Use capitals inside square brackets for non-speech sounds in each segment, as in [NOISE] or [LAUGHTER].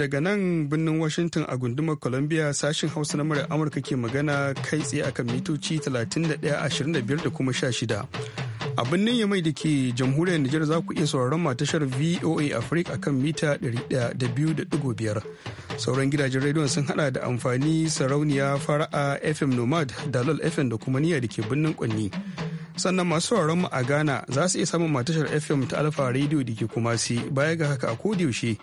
daga nan birnin Washington a gundumar Columbia sashin Hausa na murar Amurka ke magana kai tsaye akan mitoci 31.25 da kuma 16. A birnin Yamai da ke jamhuriyar Nijar za ku iya sauraron matashar VOA Africa akan mita 102.5. Sauran gidajen rediyon sun hada da amfani sarauniya fara'a FM Nomad, Dalal FM da kuma niyya da ke birnin Kwanni. sannan masu sauraron mu a ghana za su iya samun matashar fm ta alfa rediyo da ke kumasi baya ga haka a kodiyaushe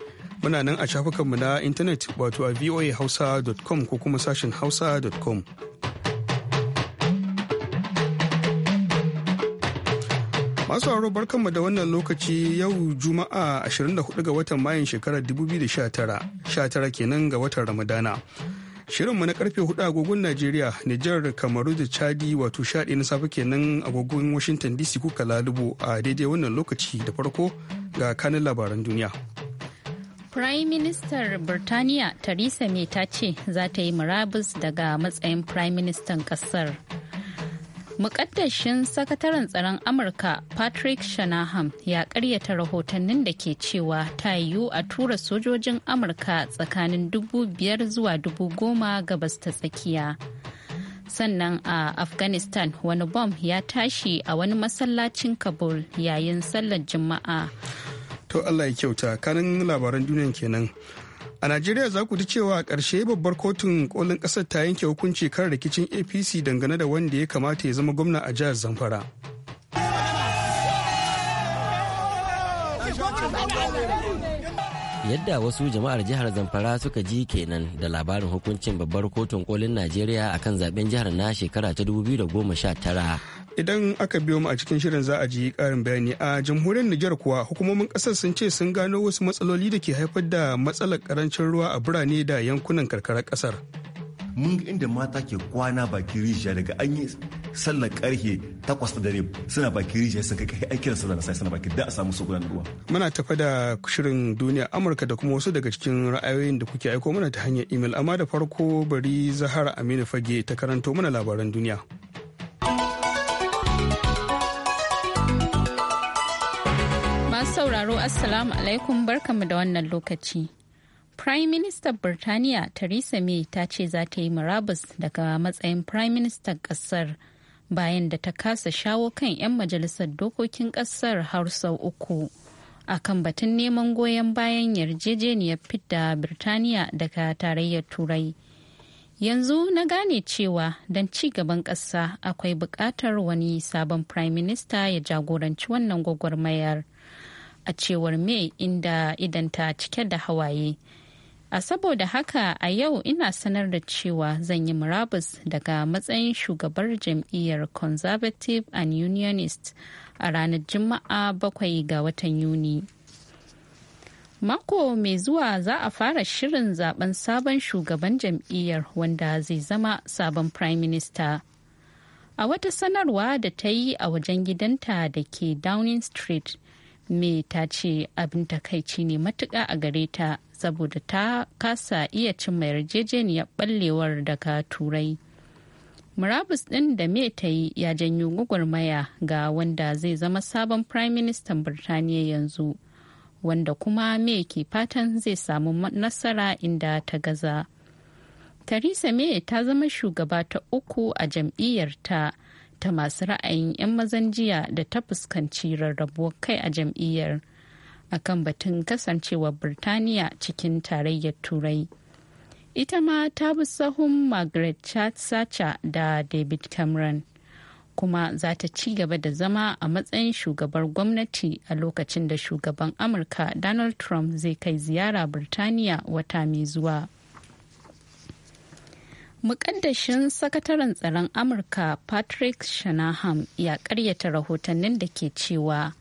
muna nan a shafukanmu na intanet wato a voahausa.com ko kuma sashen hausa.com. Masu haro barkanmu da wannan lokaci yau Juma'a 24 ga watan mayan shekarar 2019, kenan ga watan Ramadana. shirinmu na karfe hudu agogon najeriya nijar kamaru da chadi wato shaɗi na safe kenan agogon washington dc kuka lalubo a daidai wannan lokaci da farko ga kanin labaran duniya Prime Minister Birtaniya Theresa May ta ce za ta yi murabus daga matsayin Prime Minister kasar. Mukaddashin sakataren tsaron Amurka Patrick Shanahan ya karyata rahotannin da ke cewa ta yiwu a tura sojojin Amurka tsakanin dubu zuwa dubu goma gabas ta tsakiya. Sannan a Afghanistan wani bom ya tashi a wani masallacin Kabul yayin sallar Juma'a. To Allah ya kyauta kanin labaran duniyan kenan. A Najeriya za ku ji cewa a ƙarshe babbar kotun kolin ƙasar ta yanke hukunci kan rikicin APC dangane da wanda ya kamata ya zama gwamna a jihar Zamfara. Yadda wasu jama'ar jihar Zamfara suka ji kenan da labarin hukuncin babbar kotun kolin Najeriya akan zaben jihar na shekara ta 2019. idan aka biyo mu a cikin shirin za a ji karin bayani a jamhuriyar Nijar kuwa hukumomin kasar sun ce sun gano wasu matsaloli da ke haifar da matsalar karancin ruwa a birane da yankunan karkarar kasar. Mun ga inda mata ke kwana bakin rijiya daga an yi sallar karfe takwas da dare suna bakin rijiya sun kai aikin sallar sai suna bakin da a samu sukunan ruwa. Muna tafa da shirin duniya Amurka da kuma wasu daga cikin ra'ayoyin da kuke aiko mana ta hanyar imel amma da farko bari Zahara Aminu Fage ta karanto mana labaran duniya. sauraro Assalamu alaikum barkamu da wannan lokaci. Prime Minister Birtaniya Theresa May ta ce za ta yi murabus daga matsayin Prime Minister kasar bayan da ta kasa shawo kan 'yan majalisar dokokin kasar har sau uku. A kan batun neman goyon bayan yarjejeniyar fidda Birtaniya daga tarayyar Turai. Yanzu na gane cewa don ci gaban ƙasa akwai buƙatar wani sabon Prime Minister ya jagoranci wannan gwagwarmayar. a cewar May inda idan ta cike da hawaye. A saboda haka a yau ina sanar da cewa zan yi murabus daga matsayin shugabar jam'iyyar Conservative and Unionist a ranar Juma'a bakwai ga watan Yuni. Mako mai zuwa za a fara shirin zaben sabon shugaban jam'iyyar wanda zai zama sabon Prime Minister. A wata sanarwa da ta yi a wajen gidanta da ke Downing Street, me ta ce abin takaici ne matuka a gare ta saboda ta kasa iya cimma yarjejeniyar ɓallewar daga turai murabus ɗin da me ta yi ya janyo gwagwarmaya ga wanda zai zama sabon prime minister birtaniya yanzu wanda kuma me ke fatan zai samu nasara inda ta gaza theresa may ta zama shugaba ta uku a jam'iyyar ta ta masu ra'ayin 'yan mazan jiya da ta fuskanci rarrabuwar kai a jam'iyyar akan batun kasancewar birtaniya cikin tarayyar turai ita ma ta bi sahun margaret thatcher da david cameron kuma za ta ci gaba da zama a matsayin shugabar gwamnati a lokacin da shugaban amurka donald trump zai kai ziyara birtaniya wata mai zuwa Mukaddashin sakataren tsaron Amurka Patrick Shanahan ya karyata rahotannin da ke cewa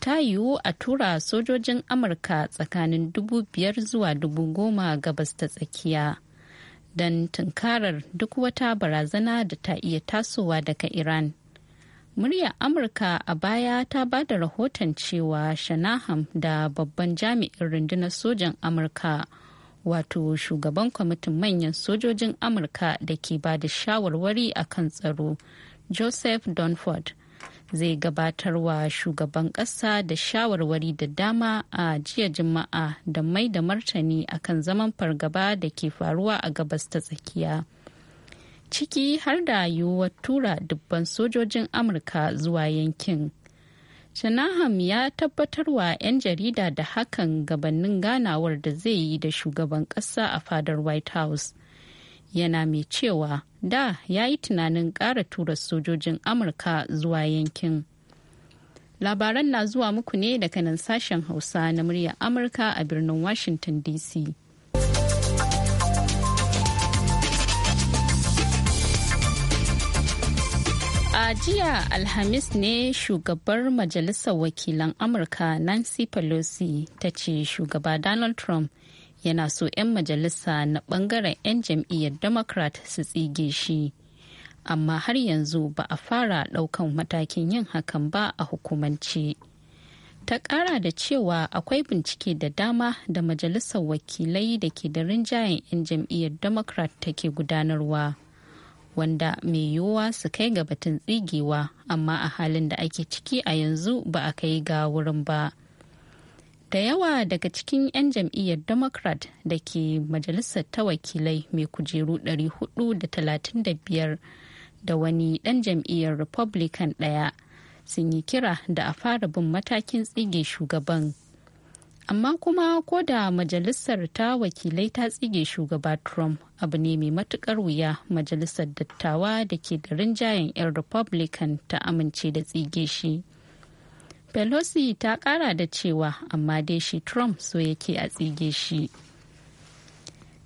ta yiwu a tura sojojin Amurka tsakanin dubu biyar zuwa dubu goma gabas ta tsakiya don tunkarar duk wata barazana da ta iya tasowa daga Iran. Muryar Amurka a baya ta ba da rahoton cewa Shanahan da babban jami'in rundunar sojan Amurka. wato shugaban kwamitin manyan sojojin amurka da ke ba da shawarwari a kan tsaro joseph donford zai gabatar wa shugaban ƙasa da shawarwari da dama a jiya juma'a da mai da martani akan zaman fargaba da ke faruwa a gabas ta tsakiya ciki har da yiwuwar tura dubban sojojin amurka zuwa yankin Shanaham ya tabbatar wa 'yan jarida da hakan gabanin ganawar da zai yi da shugaban ƙasa a fadar White House. Yana mai cewa da ya yi tunanin ƙara tura sojojin Amurka zuwa yankin. Labaran na zuwa muku ne daga nan sashen Hausa na muryar Amurka a birnin Washington DC. A jiya Alhamis ne shugabar Majalisar Wakilan Amurka Nancy Pelosi ta ce shugaba Donald Trump yana so 'yan majalisa na bangaren 'yan jam'iyyar Democrat su tsige shi. Amma har yanzu ba a fara daukan matakin yin hakan ba a hukumance. Ta kara da cewa akwai bincike da dama da Majalisar Wakilai da ke da rinjayen 'yan jam'iyyar Democrat take gudanarwa. wanda mai yiwuwa su kai ga batun tsigewa amma a halin da ake ciki a yanzu ba a kai ga wurin ba da yawa daga cikin 'yan jam'iyyar democrat da ke majalisar ta wakilai mai kujeru 435 da wani ɗan jam'iyyar republican ɗaya sun yi kira da a fara bin matakin tsige shugaban amma kuma ko da majalisar ta wakilai ta tsige shugaba trump abu ne mai matukar wuya majalisar dattawa da ke da rinjayen 'yan republican ta amince da tsige shi pelosi ta kara da cewa amma dai shi trump so yake a tsige shi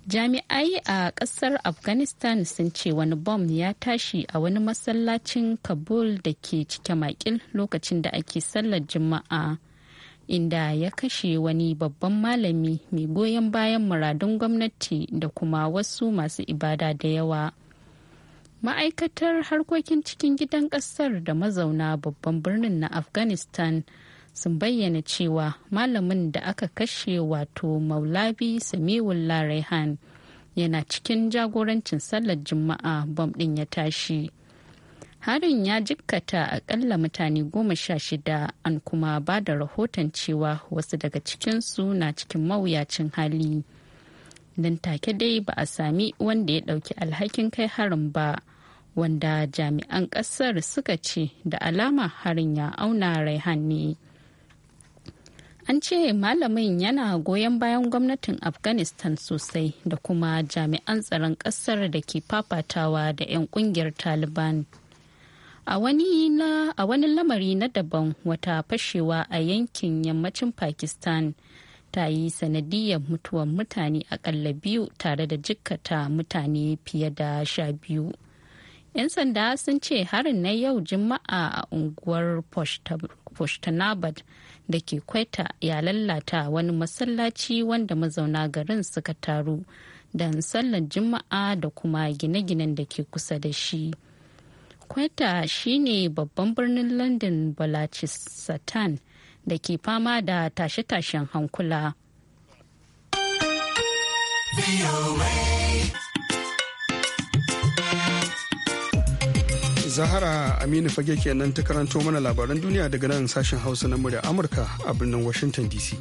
jami'ai a kasar afghanistan sun ce wani bom ya tashi a wani masallacin kabul da ke cike makil lokacin da ake sallar juma'a. inda ya kashe wani babban malami mai goyon bayan muradun gwamnati da kuma wasu masu ibada da yawa ma'aikatar harkokin cikin gidan kasar da mazauna babban birnin na afghanistan sun bayyana cewa malamin da aka kashe wato maulabi samiwullah raihan yana cikin jagorancin sallar juma'a bom ɗin ya tashi harin ya jikkata akalla mutane goma sha shida an kuma ba da rahoton cewa wasu daga cikinsu na cikin mawuyacin hali don take dai ba a sami wanda ya ɗauki alhakin kai harin ba wanda jami'an ƙasar suka ce da alama harin ya auna raihan ne an ce malamin yana goyon bayan gwamnatin afghanistan sosai da kuma jami'an tsaron ƙasar da ke fafatawa da 'yan ƙungiyar taliban a wani lamari na daban wata fashewa a yankin yammacin pakistan ta yi sanadiyar mutuwar mutane akalla biyu tare da jikkata mutane fiye da sha biyu 'yan sanda sun ce harin na yau juma'a a unguwar poshtanabad da ke kwaita ya lalata wani masallaci wanda mazauna garin suka taru don sallar juma'a da kuma gine-ginen da ke kusa da shi. kwata shine babban birnin london balochistan da ke fama da tashe-tashen hankula zahara aminu fage kenan ta karanto mana labaran duniya daga nan sashen hausa na murya amurka a birnin washington dc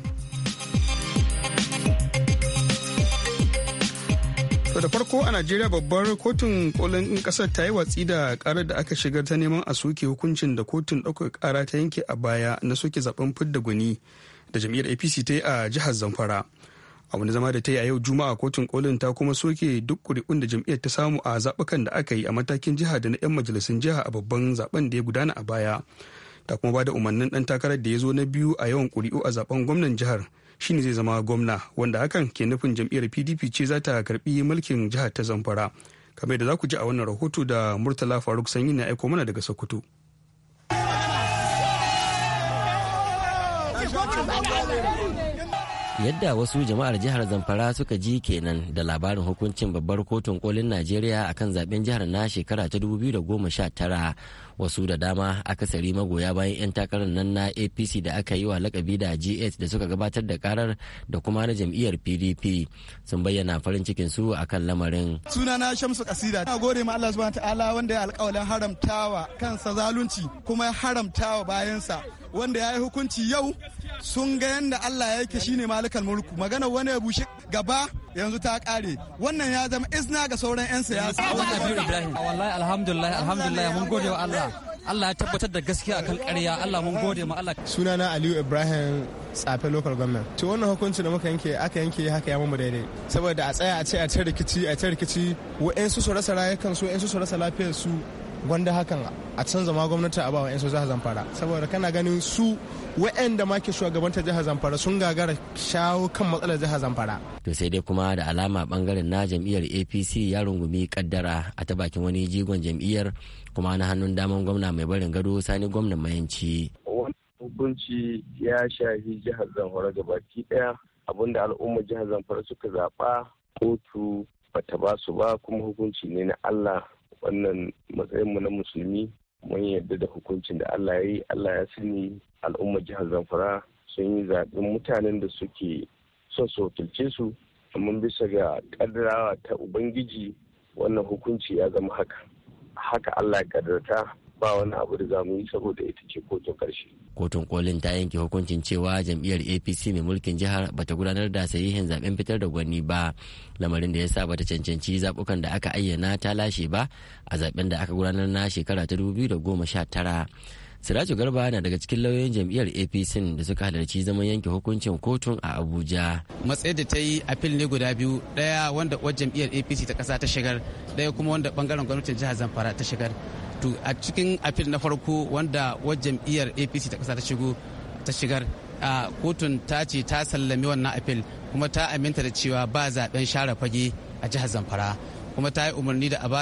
da farko a Najeriya babbar kotun kolin kasar ta yi watsi da karar da aka shigar ta neman a soke hukuncin da kotun ɗaukar kara ta yanke a baya na soke zaben fidda gwani da jam'iyyar APC ta yi a jihar Zamfara. A wani zama da ta yi a yau Juma'a kotun kolin ta kuma soke duk kuri'un da jam'iyyar ta samu a zaɓukan da aka yi a matakin jiha da na 'yan majalisun jiha a babban zaben da ya gudana a baya. Ta kuma ba da umarnin ɗan takarar da ya zo na biyu a yawan kuri'u a zaben gwamnan jihar. shine zai zama gwamna wanda hakan ke nufin jam'iyyar pdp ce za ta karbi mulkin jihar ta zamfara kamar da za ku ji a wannan rahoto da murtala faruk sanyi na aiko mana daga sokoto yadda wasu jama'ar jihar zamfara suka ji kenan da labarin hukuncin babbar kotun kolin najeriya akan zaben jihar na shekara ta 2019 wasu da dama akasari magoya bayan 'yan takarar nan na apc da aka yi wa lakabi da gh da suka gabatar da karar da kuma na jam'iyyar pdp sun bayyana farin cikin su akan lamarin sunana shamsu kasida na gode ma allah subhanahu ta'ala wanda ya alƙawalin haramtawa kansa zalunci kuma ya haramtawa bayansa wanda ya yi hukunci yau sun ga yadda Allah yake shine malikan mulku magana wani ya bushe gaba yanzu ta kare wannan ya zama izna ga sauran 'yan siyasa. Wallahi alhamdulillah alhamdulillah mun gode wa Allah Allah ya tabbatar da gaskiya akan ƙarya Allah mun gode ma Allah. Sunana Aliyu Ibrahim tsafe local government. To wannan hukuncin da muka yanke aka yanke haka ya mu daidai. Saboda a tsaya a ce a ta rikici a ta rikici wa'yansu su rasa rayukan su wa'yansu su rasa lafiyar su gwanda hakan a can zama gwamnati a bawa wa'yansu jihar zamfara saboda kana ganin su wa'yanda ma ke shugabanta jihar zamfara sun gagara shawo kan matsalar jihar zamfara. to sai dai kuma da alama bangaren na jam'iyyar apc ya rungumi kaddara a ta bakin wani jigon jam'iyyar kuma na hannun daman gwamna mai barin gado sani gwamnan mayanci. hukunci ya shafi jihar zamfara baki daya abinda al'ummar jihar zamfara suka zaɓa kotu bata ba su ba kuma hukunci ne na allah wannan matsayinmu na musulmi mun yarda da hukuncin da Allah ya yi Allah ya sani al'ummar jihar Zamfara sun yi zaɓen mutanen da suke son su wakilce su amma bisa ga kaddarawa ta Ubangiji wannan hukunci ya zama haka haka Allah ya kaddarta ba wani abu da za mu yi saboda ita ce kotun ƙarshe. kotun kolin ta yanke hukuncin cewa jam'iyyar apc mai mulkin jihar bata gudanar da sahihin zaben fitar da gwani ba lamarin da ya sa bata cancanci zabukan da aka ayyana ta lashe ba a zaben da aka gudanar na shekara ta da 2019 siraju garba na daga cikin lauyoyin jam'iyyar apc da suka halarci zaman yanke hukuncin kotun a abuja matsayin da ta yi apil ne guda biyu daya wanda wajen jam'iyyar apc ta kasa ta shigar daya kuma wanda bangaren gwamnatin jihar zamfara ta shigar to a cikin afil na farko wanda wajen jam'iyyar apc ta kasa ta shigo ta shigar kotun ta ce ta sallami wannan afil kuma ta aminta da cewa ba zaben share fage a jihar zamfara kuma ta yi umarni da a ba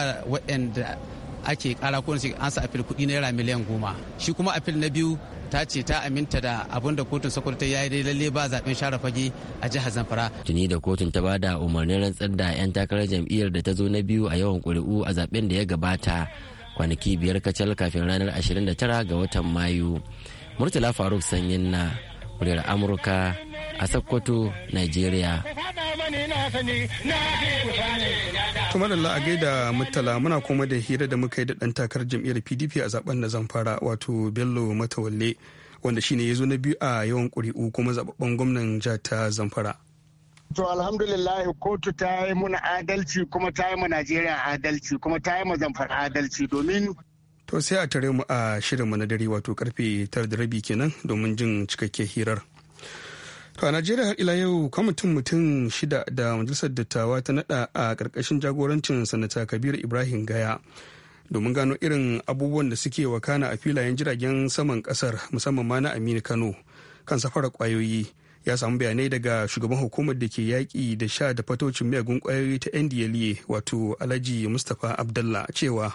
ake kara ko an sa apil kuɗi naira miliyan goma shi kuma afil na biyu ta ce ta aminta da abin da kotun sokoto ya yi lalle ba zaben share fage a jihar zamfara tuni da kotun ta bada umarnin rantsar da 'yan takarar jam'iyyar da ta zo na biyu a yawan kuri'u a zaben da ya gabata kwanaki biyar kacal kafin ranar 29 ga watan mayu murtala faruk sanyin na muryar amurka a sokoto nigeria kuma da a gaida murtala muna kuma da hira da muka yi da ɗan takar jam'iyyar pdp a zaben da zamfara wato bello matawalle wanda shine ya zo na biyu a yawan ƙuri'u kuma zababben gwamnan jihar ta zamfara To alhamdulillah kotu ta yi muna adalci kuma ta yi mu Najeriya adalci kuma ta yi mu zamfara adalci domin. To sai a tare mu a shirinmu na dare wato karfe tara da rabi kenan domin jin cikakke hirar. To a Najeriya har ila yau kwamitin mutum shida da majalisar dattawa ta nada a karkashin jagorancin sanata Kabir Ibrahim Gaya domin gano irin abubuwan da suke wakana a filayen jiragen saman kasar musamman ma na Aminu Kano kan safarar kwayoyi. ya samu bayanai daga shugaban hukumar da ke yaƙi da sha da fatocin miyagun ƙwayoyi ta ndla wato alhaji mustapha abdullah cewa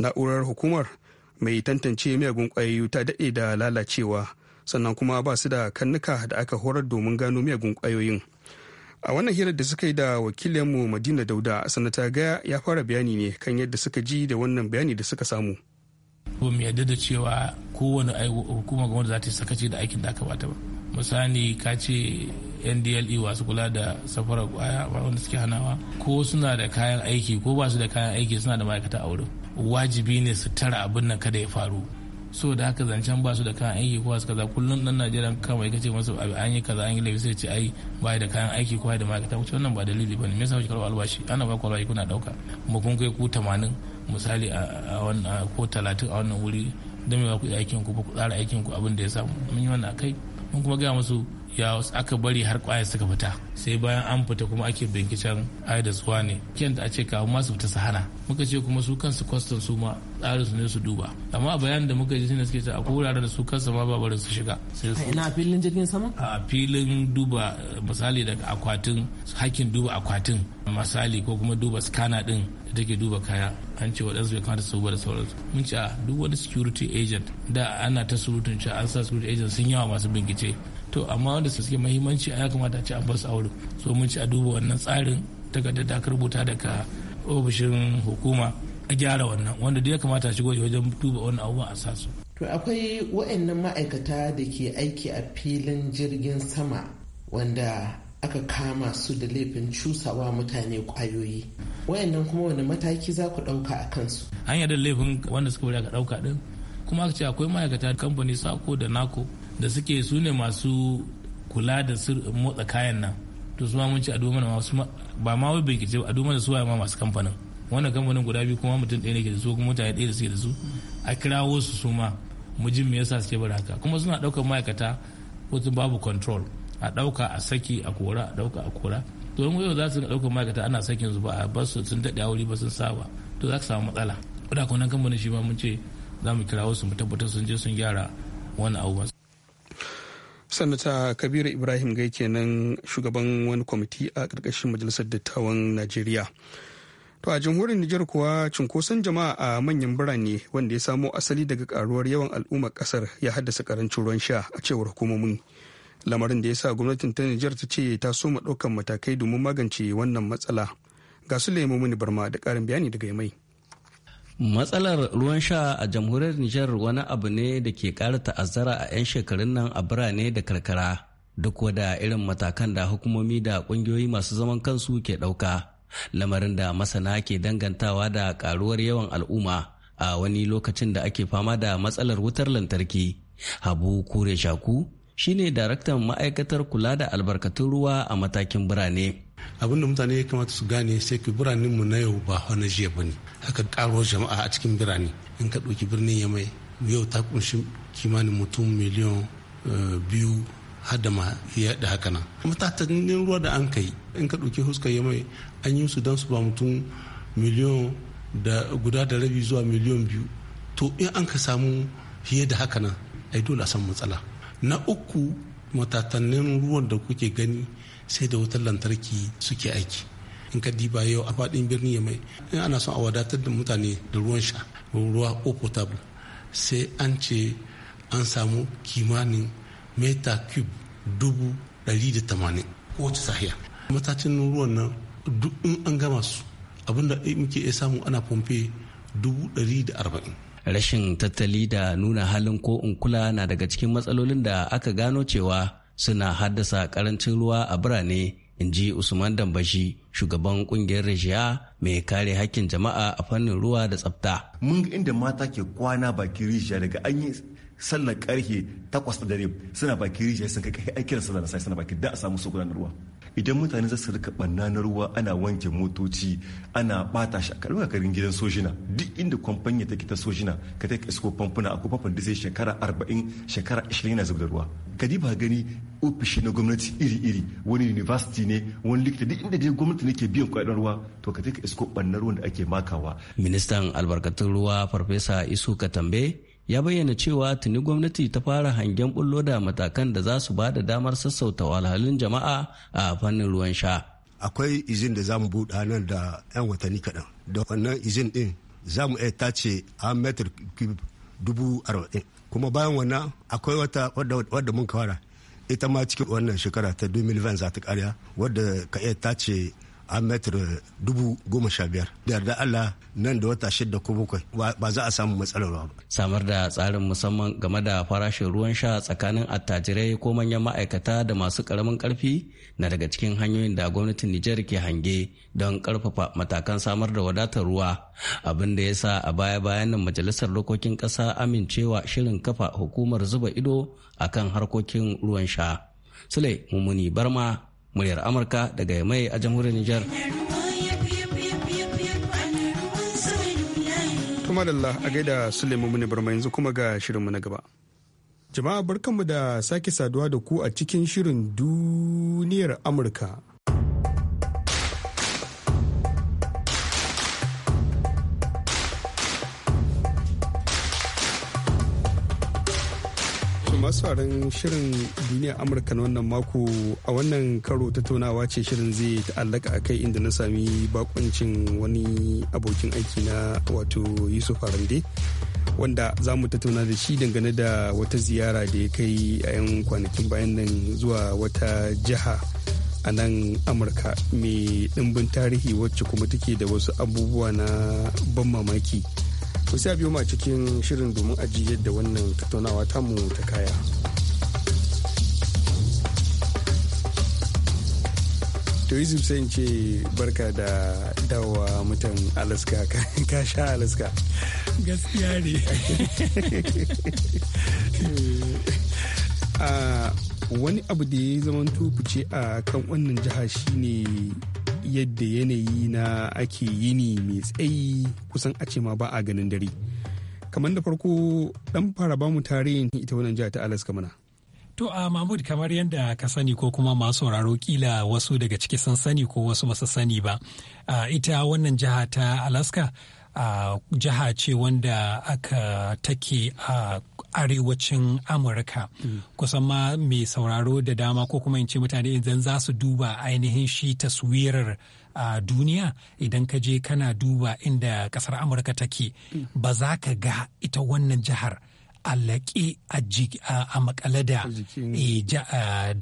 na'urar hukumar mai tantance miyagun ƙwayoyi ta daɗe da lalacewa sannan kuma ba su da kannuka da aka horar domin gano miyagun ƙwayoyin a wannan hirar da suka yi da wakilinmu madina dauda sanata gaya ya fara bayani ne kan yadda suka ji da wannan bayani da suka samu ba mu yarda da cewa kowane hukumar gwamnati za ta yi sakaci da aikin da aka bata ba misali ka ce ndle wasu kula da safarar kwaya wanda suke hanawa ko suna da kayan aiki ko ba su da kayan aiki suna da ma'aikata a wurin wajibi ne su tara abin nan kada ya faru so da haka zancen ba su da kayan aiki ko su kaza kullum dan najeriya kawai kace masu an yi kaza an yi laifi sai ce ai ba da kayan aiki ko da ma'aikata wuce wannan ba dalili bane me yasa kuke karɓar albashi ana ba ku albashi kuna dauka mu kun kai ku 80 misali a wannan ko 30 a wannan wuri don me ba ku aikin ku ba ku tsara aikin ku abin da ya samu mun yi wannan akai Como é que é, o ya aka bari har kwaya suka fita sai bayan an fita kuma ake binkicen ai da tsuwa ne a ce kawo masu fita sahana muka ce kuma su kansu kwastan su ma tsarin su ne su duba amma bayanin da muka ji ne suke ta akwai wuraren da su kansu ma ba barin su shiga ina filin jirgin sama a filin duba misali daga akwatin hakkin duba akwatin misali ko kuma duba scanner din da take duba kaya an ce waɗansu bai kamata su da sauransu mun ce a duk wani security agent da ana ta surutun cewa an sa security agent sun yawa masu bincike to amma wanda suke mahimmanci a ya kamata a ci an basu aure so mun ci a duba wannan tsarin takardar da aka rubuta daga ofishin hukuma a gyara wannan wanda da ya kamata a shigo wajen duba wannan abubuwan a sasu. to akwai wa'annan ma'aikata da ke aiki a filin jirgin sama wanda aka kama su da laifin cusawa mutane kwayoyi wayannan kuma wani mataki za ku ɗauka a kansu hanyar da laifin wanda suka bari aka ɗauka ɗin kuma aka ce akwai ma'aikata kamfani sako da nako da suke su ne masu kula da motsa kayan nan to su ma mun ci a domin masu ba ma wai bai kice a domin su ma masu kamfanin wannan kamfanin guda biyu kuma mutum ɗaya ne ke da su kuma mutane ɗaya da suke da su a kirawo su su ma mu ji me yasa suke bari haka kuma suna ɗaukar ma'aikata wato babu control a ɗauka a saki a kora a ɗauka a kora to in yau za su ɗaukar ma'aikata ana sakin su ba a bar su sun daɗe a wuri ba sun saba to za ka samu matsala kuma nan kamfanin shi ma mun ce za mu kira wasu mu tabbatar sun je sun gyara wani abu sanata kabiru ibrahim gai kenan shugaban wani kwamiti a ƙarƙashin majalisar dattawan najeriya to a jamhuriyar nijar kuwa cunkoson jama'a a manyan birane wanda ya samo asali daga karuwar yawan al'ummar ƙasar ya haddasa karancin ruwan sha a cewar hukumomin lamarin da ya sa gwamnatin ta nijar ta ce ta soma ɗaukan matakai domin magance wannan matsala ga su mini barma da karin bayani daga mai Matsalar ruwan sha a jamhuriyar Nijar wani abu ne da ke ƙara ta'azzara a 'yan shekarun nan a birane da karkara duk wada irin matakan da hukumomi da ƙungiyoyi masu zaman kansu ke ɗauka. Lamarin da masana ke dangantawa da ƙaruwar yawan al'umma a wani lokacin da ake fama da matsalar wutar lantarki. Habu Kure Shaku shine daraktan ma'aikatar kula da albarkatun ruwa a matakin birane. abin da mutane ya kamata su gane sai ki biranen mu na yau ba wani jiya ba ne haka karo jama'a a cikin birane in ka ɗauki birnin mai yau ta kunshi kimanin mutum miliyan eh, biyu hada ma ya da haka nan matatanin ruwa da an kai in ka ɗauki huskar mai an yi su don su ba mutum miliyan da guda da rabi zuwa miliyan biyu to in an ka samu fiye da haka nan ai dole a san matsala na uku matatannin ruwan da kuke gani sai da wutar lantarki suke aiki in ka diba yau a faɗin birni ya mai in ana son a wadatar da mutane da ruwan sha ruwa ko potable sai an ce an samu kimanin meta cube dubu ɗari da tamanin kowace sahiya matacin ruwan nan duk in an gama su abinda muke iya samu ana pompe dubu ɗari da arba'in rashin tattali da nuna halin ko in kula na daga cikin matsalolin da aka gano cewa suna haddasa karancin ruwa a birane in ji usman dambashi shugaban kungiyar rishiya mai kare hakkin jama'a a fannin ruwa da tsafta mun ga inda mata ke kwana baki rijiya daga an yi sallar karfe takwas da dare suna bakin rijiya sun kai aikin sallar sai suna bakin da a samu su gudanar ruwa idan mutane za su rika banna na ruwa ana wanke motoci ana bata shi a garin gidan sojina duk inda kwamfanya take ta sojina ka ta isko famfuna a kofafan da zai shekara arba'in shekara ashirin yana zubda ruwa ka ba gani ofishi na gwamnati iri-iri wani university ne wani likita duk inda dai gwamnati ne ke biyan kuɗin ruwa to ka ta isko banna ruwan da ake makawa ministan albarkatun ruwa farfesa isu katambe ya bayyana cewa tuni gwamnati ta fara hangen bullo da matakan da za su ba da damar sassauta walhalin jama'a a fannin ruwan sha. Akwai izin da za mu buɗa nan da 'yan watanni kaɗan. Da wannan izin ɗin za mu iya tace a metar dubu arba'in. Kuma bayan wannan akwai wata wadda mun kawara ita ma cikin wannan shekara ta 2020 za ta karya wadda ka iya tace a metar dubu goma sha biyar da yarda Allah nan da wata shida ko bakwai ba za a samu matsalar ruwa ba. samar da tsarin musamman game da farashin ruwan sha tsakanin attajirai ko manyan ma'aikata da masu karamin karfi na daga cikin hanyoyin da gwamnatin Nijar ke hange don karfafa matakan samar da wadatar ruwa abin da ya sa a baya bayan nan majalisar dokokin kasa amincewa shirin kafa hukumar zuba ido akan harkokin ruwan sha. Sule Mumuni Barma muryar amurka daga mai a jamhuriyar nijar kuma da a gaida sulaimu mini barma yanzu kuma ga shirinmu na gaba jama'a barkanmu da sake saduwa da ku a cikin shirin duniyar amurka masu sauraron shirin duniya amurka na wannan mako a wannan karo tattaunawa ce shirin zai ta'allaka a kai inda na sami bakuncin wani abokin aiki na wato yusuf harande wanda za mu tattauna da shi dangane da wata ziyara da ya kai a 'yan kwanakin bayan nan zuwa wata jiha a nan amurka mai ɗimbin tarihi wacce kuma take da wasu abubuwa na ban mamaki. ku sa biyo ma cikin shirin domin aji yadda wannan tattaunawa tamu ta kaya. to yusuf sai ce barka da dawa mutan alaska [LAUGHS] ka sha alaska gaskiya ne [LAUGHS] ah, wani abu da ya zama fice a kan wannan jiha shine yadda yanayi na ake yi yini mai tsayi kusan a ce ma ba a ganin dare kamar da farko dan fara bamu tarihin ita wannan jiha ta alaska mana To a Mahmud kamar yadda ka sani ko kuma masu sauraro kila wasu daga ciki sun sani ko wasu basu sani ba. ita wannan jiha ta Alaska jiha ce wanda aka take a arewacin amurka hmm. kusan ma mai sauraro da dama ko kuma in ce mutane idan za su duba ainihin shi taswirar a duniya idan ka je kana duba inda kasar amurka take hmm. ba za ka ga ita wannan jihar a laƙe a makale da eh, da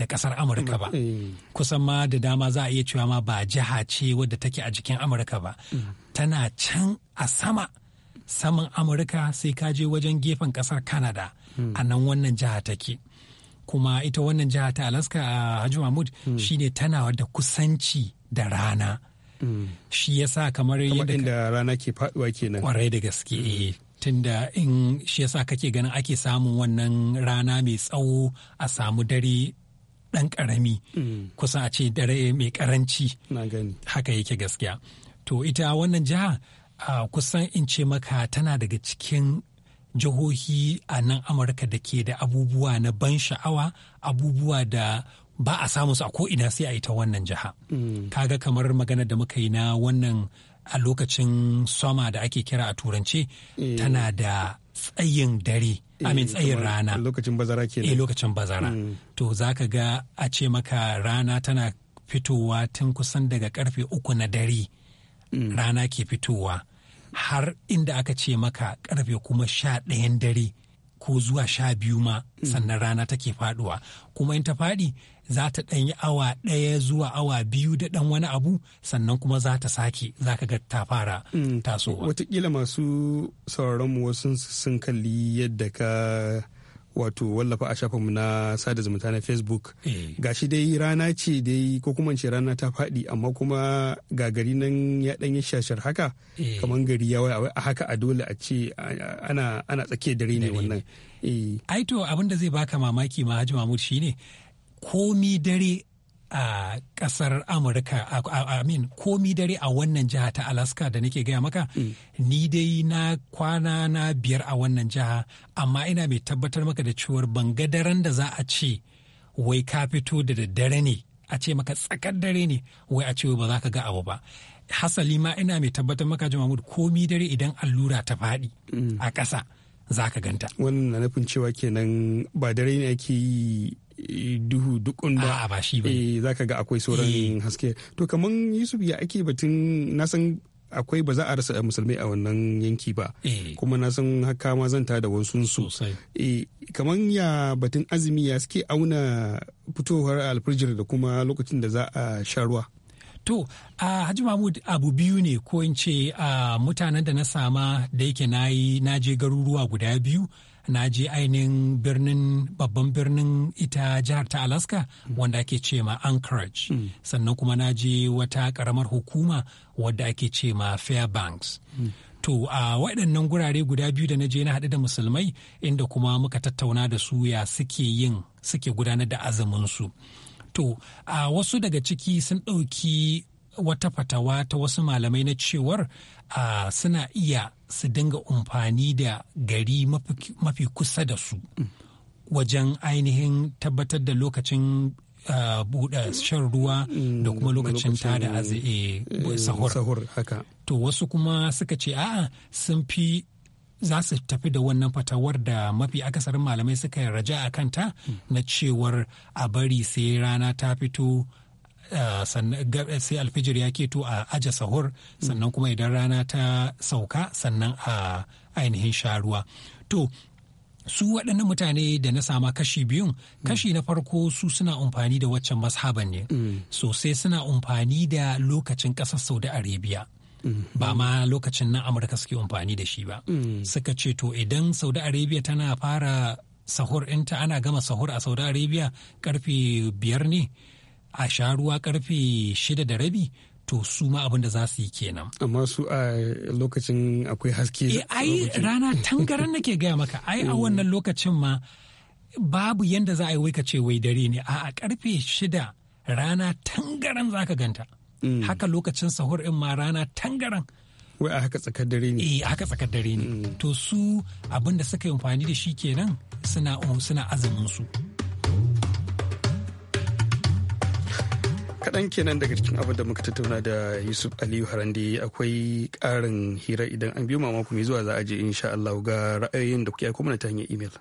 ƙasar amurka ba eh. kusan ma da dama za a iya cewa ma ba jiha ce wadda take a jikin amurka ba hmm. tana can a sama saman amurka sai ka je wajen gefen kasar Kanada. Hmm. a nan wannan jiha take kuma ita wannan jiha ta alaska a hajji mahmud hmm. shine tana da kusanci da rana hmm. shi yasa kamar yadda rana ke faduwa kenan kwarai da gaske eh. tunda in shi yasa kake ganin ake samun wannan rana mai tsawo a samu dare ɗan ƙarami kusa a ce dare mai ƙaranci haka yake gaskiya to ita wannan jiha a kusan in ce maka tana daga cikin jihohi a nan amurka da ke da abubuwa na ban sha'awa abubuwa da ba a samu su a ko ina sai a yi ta wannan jiha mm. kaga kamar magana da muka yi na wannan a lokacin soma da ake kira a turance eh. tana da tsayin dare amin eh, tsayin rana lokacin bazara ke eh, lokacin bazara mm. to za ka ga a ce maka rana tana fitowa tun kusan daga karfe uku na dare mm. rana ke fitowa har inda aka ce maka karfe kuma sha ɗayan dare ko zuwa sha biyu ma sannan rana take faduwa kuma in ta faɗi za ta ɗan yi awa ɗaya zuwa awa biyu da ɗan wani abu sannan kuma za ta sake za ka ga ta fara mm. tasowa. Watakila masu sauraron mu wasu sun kalli yadda ka wato wallafa a shafinmu na sada zumunta na facebook eh. shi dai rana ce dai ko kuma ce rana ta faɗi amma kuma ga gari nan ya ɗan yi shashar haka eh. kamar gari ya waya a haka a dole a ce ana tsakiyar dare ne wannan eh. aito to abin da zai baka mamaki ma haji mahmud shine komi dare a kasar amurka amin komi dare a wannan jiha ta alaska da nake gaya maka mm. ni dai na kwana na biyar a wannan jiha amma ina mai tabbatar maka da cewar banga daren da za a ce wai ka fito da daddare ne a ce maka tsakar dare ne wai a ce ba za ka ga abu ba hasali ma ina mai tabbatar maka jama'ud komi dare idan allura ta faɗi mm. a ƙasa za ka ganta wannan na nufin cewa kenan ba dare ne ake yi duhu dukun da ba shi ba eh, za ka ga akwai sauran eh. haske to kamar yusuf ya ake batun na san akwai ba za a rasa musulmai a wannan yanki ba eh. kuma na san haka ma zanta da wasu su kamar ya batun azumi ya suke auna fitowar alfijir da kuma lokacin da za a sha ruwa to a hajji mahmud abu biyu ne ko in ce a mutanen da na sama da yake na yi na je garuruwa guda biyu na je ainihin birnin babban birnin ita jihar ta alaska wanda ake ce ma anchorage hmm. sannan kuma na je wata karamar hukuma wadda ake ce ma fairbanks hmm. To a waɗannan gurare guda biyu da na je na haɗu da musulmai inda kuma muka tattauna da su ya suke yin suke gudanar da azaminsu To a wasu daga ciki sun ɗauki wata fatawa ta wasu malamai na cewar suna iya su dinga umfani da gari mafi kusa da su wajen ainihin tabbatar da lokacin buɗe shan ruwa da mm, kuma lokacin ta da azai sahur to wasu kuma suka ce a'a sun fi za su tafi da wannan fatawar da mafi akasarin malamai suka raja a kanta na cewar a bari sai rana ta fito Eh, sai alfijir ya keto a aja sahur sannan kuma idan rana ta sauka sannan a ainihin sharuwa to su waɗannan mutane da na sama kashi biyun kashi na farko su suna amfani da waccan mashaban ne sosai suna amfani da lokacin ƙasar saudi arabia ba ma lokacin nan amurka suke amfani da shi ba suka ce to idan saudi arabia tana fara sahur ɗinta ana gama sahur a saudi arabia karfe biyar ne a sha ruwa karfe shida da rabi to su ma abin da za su yi kenan. Amma su a lokacin akwai haske. E, ai rana tangaran nake gaya maka [LAUGHS] ai a mm. wannan lokacin ma babu yanda za a yi wai ka ce wai dare ne a karfe shida rana tangaran za ka ganta. Mm. Haka lokacin sahur in ma rana tangaran. wai a haka tsakar dare ne eh haka tsakar dare ne mm. to su abin da suka yi amfani da shi kenan suna suna azumin su kaɗan kenan daga cikin abin da muka tattauna da yusuf aliyu harande akwai ƙarin hira idan an biyo mamako mai zuwa za a je insha Allah ga ra'ayoyin da kuke aiko mana ta hanyar imel.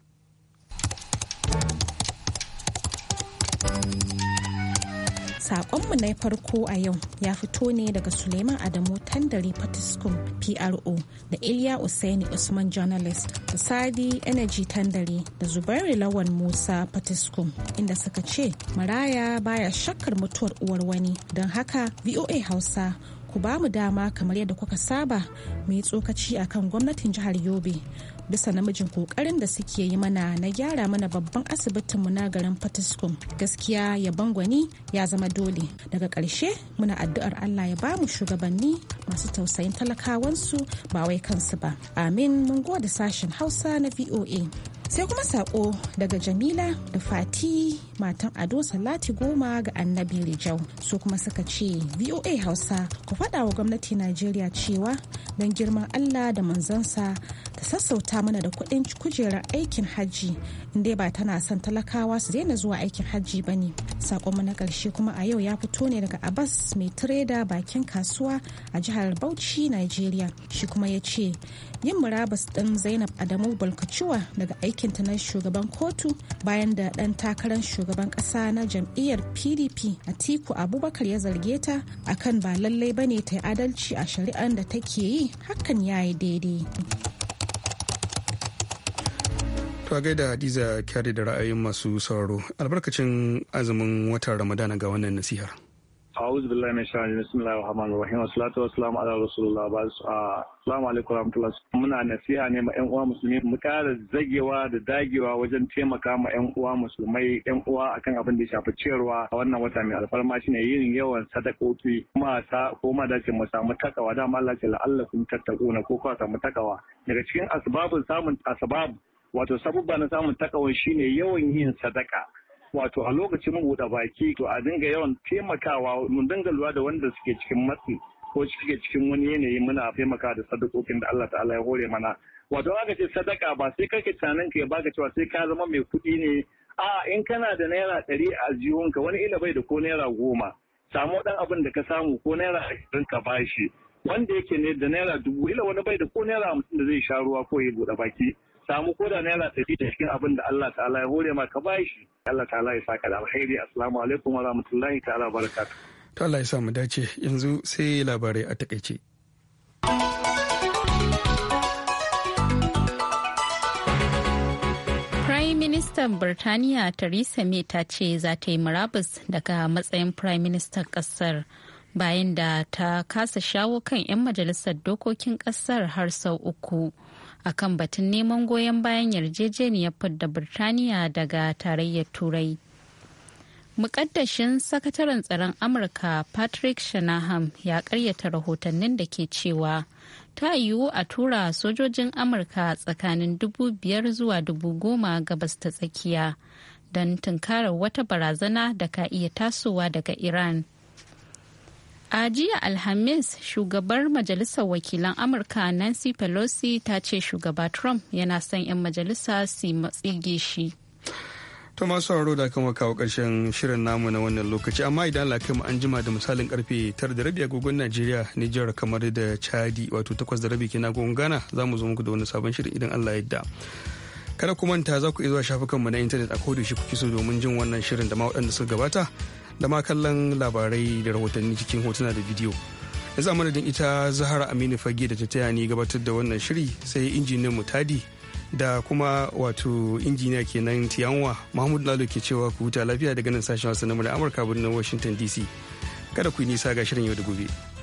Sakonmu na farko a yau ya fito ne daga Suleiman Adamu Tandari Patiskum PRO da Iliya Usaini Usman Journalist da Sadi Energy Tandari da Zubairu Lawan Musa Patiskum inda suka ce maraya baya shakkar mutuwar uwar wani don haka VOA Hausa ku ba mu dama kamar yadda kuka saba mu tsokaci akan gwamnatin jihar Yobe bisa namijin kokarin da suke yi mana na gyara mana babban asibitin mu na garin Fatiskum. Gaskiya ya bangwani ya zama dole. Daga ƙarshe muna addu'ar Allah ya ba mu shugabanni masu tausayin talakawansu ba wai kansu ba. Amin mun gode sashen Hausa na VOA. sai kuma sako daga jamila da fati matan ado salati goma ga annabi rijau su kuma suka ce voa hausa ku faɗa wa gwamnati najeriya cewa don girman allah da manzansa ta sassauta mana da kuɗin kujerar aikin hajji inda ba tana son talakawa su daina zuwa aikin hajji ba ne mu na ƙarshe kuma a yau ya fito ne daga abbas mai tireda bakin kasuwa a jihar bauchi nigeria shi kuma ya ce yin murabus ɗin zainab adamu balkacuwa daga aikinta na shugaban kotu bayan da ɗan takarar shugaban ƙasa na jam'iyyar pdp a tiku abubakar ya zarge ta akan ba lallai bane ta yi adalci a shari'ar da take yi hakan ya yi daidai To gaida Hadiza kyari da ra'ayin masu sauraro albarkacin azumin watan Ramadana ga wannan nasihar. أعوذ بالله من الشيطان الرجيم بسم الله الرحمن الرحيم والصلاة والسلام على wa الله بعد السلام عليكم ورحمة الله muna nasiha ne ma 'yan uwa musulmi mu ƙara zagewa da dagewa wajen taimaka ma 'yan uwa musulmai 'yan uwa akan abin da ya shafi ciyarwa a wannan wata mai alfarma shine yin yawan sadakoki kuma sa ko ma dace mu samu takawa Da Allah ce la'allakum tattaquna ko ka samu takawa daga cikin asbabun samun asbab wato sabubba na samun takawan shine yawan yin sadaka wato a lokacin buɗe baki to a dinga yawan taimakawa mun dinga lura da wanda suke cikin matsi ko suke cikin wani yanayi muna taimaka da sadakokin da Allah ta'ala ya hore mana wato aka ce sadaka ba sai kake tunanin ka ya baka cewa sai ka zama mai kuɗi ne a in kana da naira ɗari a jiwonka wani ila bai da ko naira goma samu ɗan abin da ka samu ko naira ashirin ka bashi wanda yake ne da naira dubu ila wani bai da ko naira hamsin da zai sha ruwa ko ya buɗe baki samu ko da naira tafi da cikin abin da Allah ta'ala ya hore ma ka bai shi Allah ta'ala ya saka da alheri assalamu alaikum wa rahmatullahi ta'ala barakatuh to Allah ya sa mu dace yanzu sai labarai a takaice Ministan Birtaniya Theresa May ta ce za ta yi murabus daga matsayin Prime Minister kasar bayan da ta kasa shawo kan 'yan majalisar dokokin kasar har sau uku. a kan batun neman goyon bayan yarjejeniyar da birtaniya daga tarayyar turai mukaddashin sakataren tsaron amurka patrick shanahan ya karyata rahotannin da ke cewa ta yiwu a tura sojojin amurka tsakanin dubu biyar zuwa dubu goma gabas ta tsakiya don tunkarar wata barazana da ka iya tasowa daga iran A jiya Alhamis, shugabar Majalisar Wakilan Amurka Nancy Pelosi ta ce shugaba Trump yana son 'yan majalisa su matsige shi. ta masu sauraro da kama kawo karshen shirin namu na wannan lokaci amma idan Allah kai an jima da misalin karfe tara da rabi agogon Najeriya Nijar kamar da Chadi wato takwas da rabi na agogon Ghana za mu zo da wani sabon shirin idan Allah ya da Kada kuma manta za ku iya zuwa shafukanmu na intanet a kodayaushe kuke so domin jin wannan shirin da ma waɗanda suka gabata da ma kallon labarai da rahotanni cikin hotuna da bidiyo yanzu da ita zahara aminu fage da ta taya ni gabatar da wannan shiri sai injiniyan mutadi da kuma wato injiniya kenan tiyanwa mahmud lalo ke cewa ku huta lafiya daga nan sashen wasu na amurka birnin washington dc kada ku yi nisa ga shirin yau da gobe.